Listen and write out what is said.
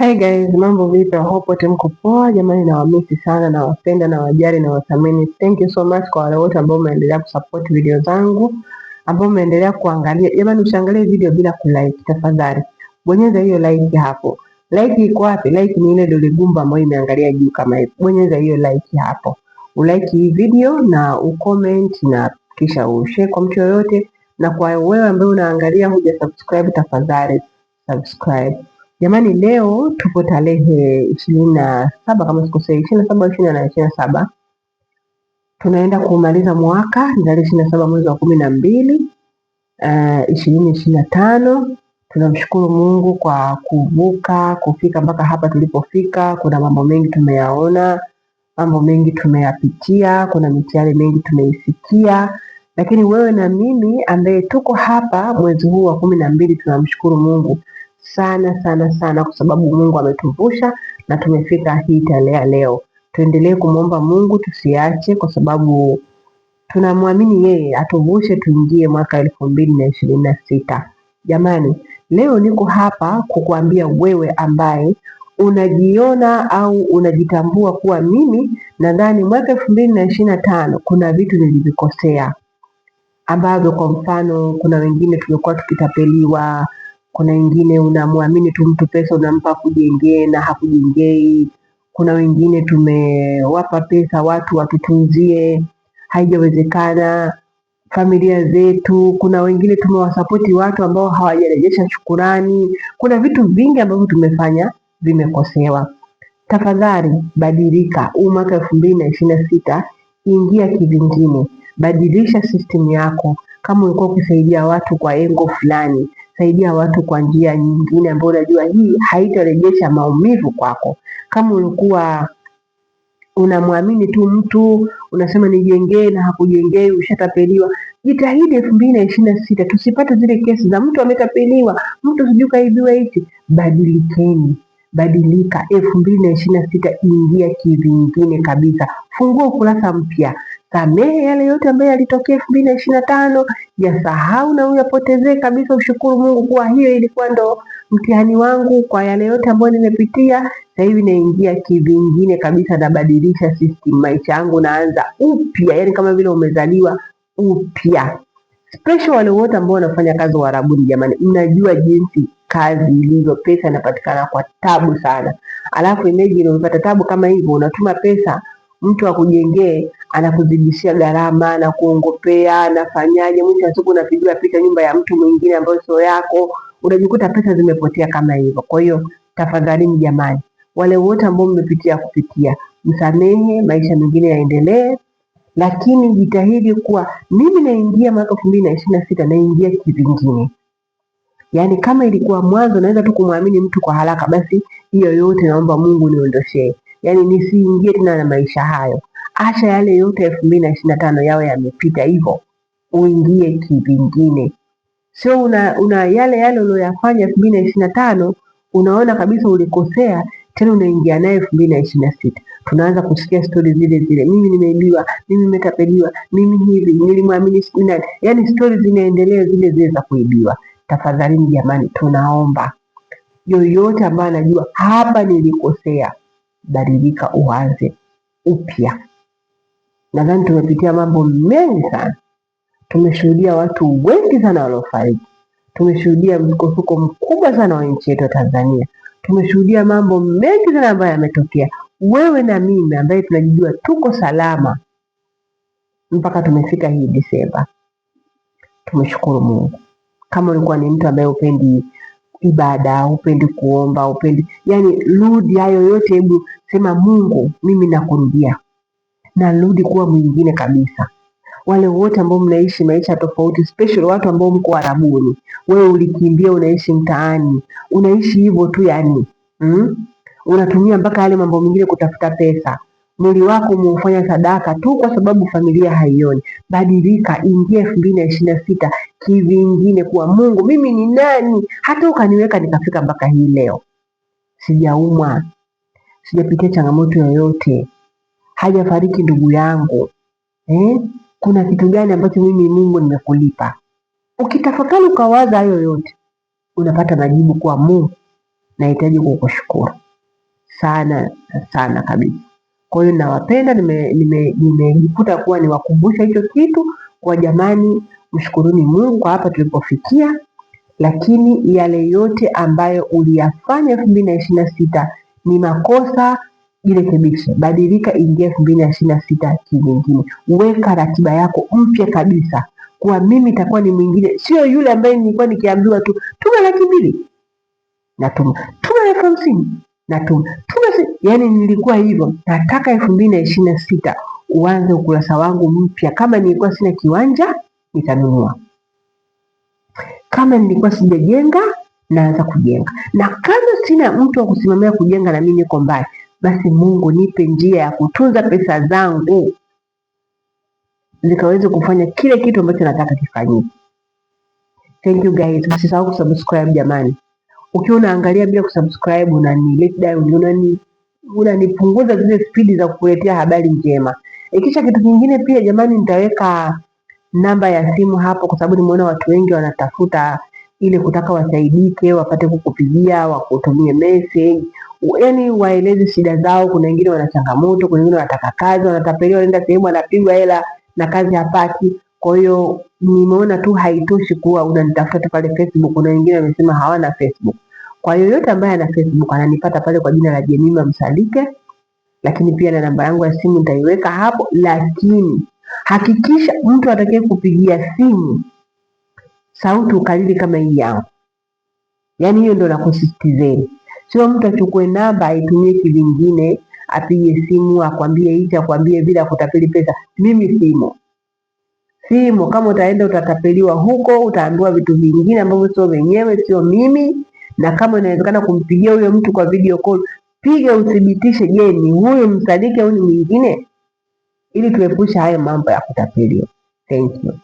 Hi guys, mambo vipi? I Hope wote mko poa jamani, nawamisi sana, nawapenda, nawajali, nawathamini. Thank you so much kwa wale wote ambao mmeendelea kusupport video zangu, ambao mmeendelea kuangalia. Jamani, usiangalie video bila kulike, tafadhali bonyeza hiyo like hapo. Like iko wapi? Like ni ile dole gumba ambayo imeangalia juu kama hivi, bonyeza hiyo like hapo, ulike hii video na ucomment na kisha ushare kwa mtu yoyote, na kwa wewe ambaye unaangalia huja subscribe, tafadhali subscribe. Jamani, leo tupo tarehe ishirini na saba kama sikosei, ishirini na saba ishirini na ishirini na saba tunaenda kumaliza mwaka. Ni tarehe ishirini na saba mwezi wa kumi na mbili eh, ishirini ishirini na tano. Tunamshukuru Mungu kwa kuvuka kufika mpaka hapa tulipofika. Kuna mambo mengi tumeyaona, mambo mengi tumeyapitia, kuna mitihani mengi tumeisikia, lakini wewe na mimi ambaye tuko hapa mwezi huu wa kumi na mbili tunamshukuru Mungu sana sana sana, kwa sababu Mungu ametuvusha na tumefika hii tarehe ya leo. Tuendelee kumwomba Mungu tusiache, kwa sababu tunamwamini yeye atuvushe tuingie mwaka elfu mbili na ishirini na sita. Jamani, leo niko hapa kukuambia wewe ambaye unajiona au unajitambua kuwa mimi nadhani mwaka elfu mbili na ishirini na tano kuna vitu nilivikosea ambavyo kwa mfano kuna wengine tumekuwa tukitapeliwa, kuna wengine unamwamini tu mtu pesa unampa kujengee na hakujengei. Kuna wengine tumewapa pesa watu watutunzie, haijawezekana familia zetu. Kuna wengine tumewasapoti watu ambao hawajarejesha shukurani. Kuna vitu vingi ambavyo tumefanya vimekosewa. Tafadhali badilika. Huu mwaka elfu mbili na ishirini na sita ingia kivingine, badilisha system yako. Kama ulikuwa ukisaidia watu kwa engo fulani, saidia watu kwa njia nyingine ambayo unajua hii haitarejesha maumivu kwako. Kama ulikuwa unamwamini tu mtu unasema nijengee na hakujengei, ushatapeliwa. Jitahidi elfu mbili na ishirini na sita tusipate zile kesi za mtu ametapeliwa, mtu sijui kaibiwa hichi. Badilikeni, badilika. elfu mbili na ishirini na sita ingia kivingine kabisa, fungua ukurasa mpya samehe yale yote ambayo yalitokea elfu mbili na ishirini na tano jasahau na uyapotezee kabisa. Ushukuru Mungu kuwa hiyo ilikuwa ndo mtihani wangu kwa yale yote ambayo nimepitia. Sasa hivi naingia kivingine kabisa, nabadilisha system maisha yangu, naanza upya, yani kama vile umezaliwa upya. Special wale wote ambao wanafanya kazi Uarabuni, jamani, mnajua jinsi kazi ilivyo, pesa inapatikana kwa tabu sana. Alafu imagine umepata tabu kama hivyo, unatuma pesa mtu akujengee anakuzidishia gharama, anakuongopea, anafanyaje. Mwisho wa siku unapigiwa picha nyumba ya mtu mwingine ambayo sio yako, unajikuta pesa zimepotea kama hivyo. Kwa hiyo tafadhalini jamani, wale wote ambao mmepitia kupitia, msamehe, maisha mengine yaendelee, lakini jitahidi kuwa mimi naingia mwaka elfu mbili na ishirini na sita naingia kivingine. Yaani, kama ilikuwa mwanzo naweza tu kumwamini mtu kwa haraka, basi hiyo yote naomba Mungu niondoshee, yaani nisiingie tena na maisha hayo acha yale yote elfu mbili na ishirini na tano yawe yamepita hivyo, uingie kivingine. Sio una, una yale yale ulioyafanya elfu mbili na ishirini na tano unaona kabisa ulikosea tena unaingia naye elfu mbili na ishirini na sita tunaanza kusikia stori zile zile, mimi nimeibiwa, mimi nimetapeliwa, mimi hivi nilimwamini sijui nani. Yani stori zinaendelea zile zile za kuibiwa. Tafadhalini jamani, tunaomba yoyote ambaye anajua hapa nilikosea, badilika, uanze upya. Nadhani tumepitia mambo mengi sana, tumeshuhudia watu wengi sana waliofariki, tumeshuhudia msukosuko mkubwa sana wa nchi yetu ya Tanzania, tumeshuhudia mambo mengi sana ambayo yametokea. Wewe na mimi ambaye tunajijua tuko salama mpaka tumefika hii Desemba, tumeshukuru Mungu. Kama ulikuwa ni mtu ambaye upendi ibada, upendi kuomba, upendi yani, rudi hayo yote, hebu sema Mungu, mimi nakurudia narudi kuwa mwingine kabisa. Wale wote ambao mnaishi maisha tofauti, special watu ambao mko Arabuni, wewe ulikimbia, unaishi mtaani, unaishi hivyo tu yani mm? unatumia mpaka yale mambo mengine kutafuta pesa mwili wako umeufanya sadaka tu kwa sababu familia haioni. Badilika, ingia elfu mbili na ishirini na sita kivingine, kuwa Mungu, mimi ni nani hata ukaniweka nikafika mpaka hii leo? Sijaumwa, sijapitia changamoto yoyote, hajafariki ndugu yangu eh? Kuna kitu gani ambacho mimi Mungu nimekulipa? Ukitafakari ukawaza hayo yote, unapata majibu kwa Mungu, nahitaji kukushukuru sana sana kabisa. Kwa hiyo nawapenda, nimejikuta kuwa niwakumbusha hicho kitu kwa, jamani, mshukuruni Mungu kwa hapa tulipofikia, lakini yale yote ambayo uliyafanya elfu mbili na ishirini na sita ni makosa jirekebishe, badilika, ingia elfu mbili na ishirini na sita akili nyingine, weka ratiba yako mpya kabisa, kuwa mimi nitakuwa ni mwingine, sio yule ambaye nilikuwa nikiambiwa tu tuma laki mbili natuma, tuma elfu hamsini natuma, tuma yani nilikuwa hivyo. Nataka elfu mbili na ishirini na sita uanze ukurasa wangu mpya. Kama nilikuwa sina kiwanja nitanunua, kama nilikuwa sijajenga naanza kujenga, na kama sina mtu wa kusimamia kujenga, na mimi niko mbali basi Mungu nipe njia ya kutunza pesa zangu zikaweze kufanya kile kitu ambacho nataka kifanyike. Thank you guys, msisahau kusubscribe jamani. Ukiwa unaangalia bila kusubscribe unani let down, unani unanipunguza zile spidi za kukuletea habari njema. Ikisha kitu kingine pia jamani, nitaweka namba ya simu hapo, kwa sababu nimeona watu wengi wanatafuta ile kutaka wasaidike, wapate kukupigia, wakutumie message yani waeleze shida zao. Kuna wengine wana changamoto, kuna wengine wanataka kazi, wanatapeliwa, wanaenda sehemu anapigwa hela na kazi hapati. Kwa hiyo nimeona tu haitoshi kuwa unanitafuta tu pale Facebook. Kuna wengine wamesema hawana Facebook. Kwa yoyote ambaye ana Facebook ananipata pale kwa jina la Jemima Msalike, lakini pia na namba yangu ya simu nitaiweka hapo, lakini hakikisha mtu atakaye kupigia simu sauti ukalili kama hii yangu, yaani hiyo ndio nakusisitizeni. Sio mtu achukue namba aitumie kivingine, apige simu akwambie hichi akwambie vile, akutapeli pesa. Mimi simu simu, kama utaenda utatapeliwa huko, utaambiwa vitu vingine ambavyo sio wenyewe, sio mimi. Na kama inawezekana kumpigia huyo mtu kwa video call, piga uthibitishe, je, ni huyu msadiki au ni mwingine, ili tuepushe hayo mambo ya kutapeliwa. Thank you.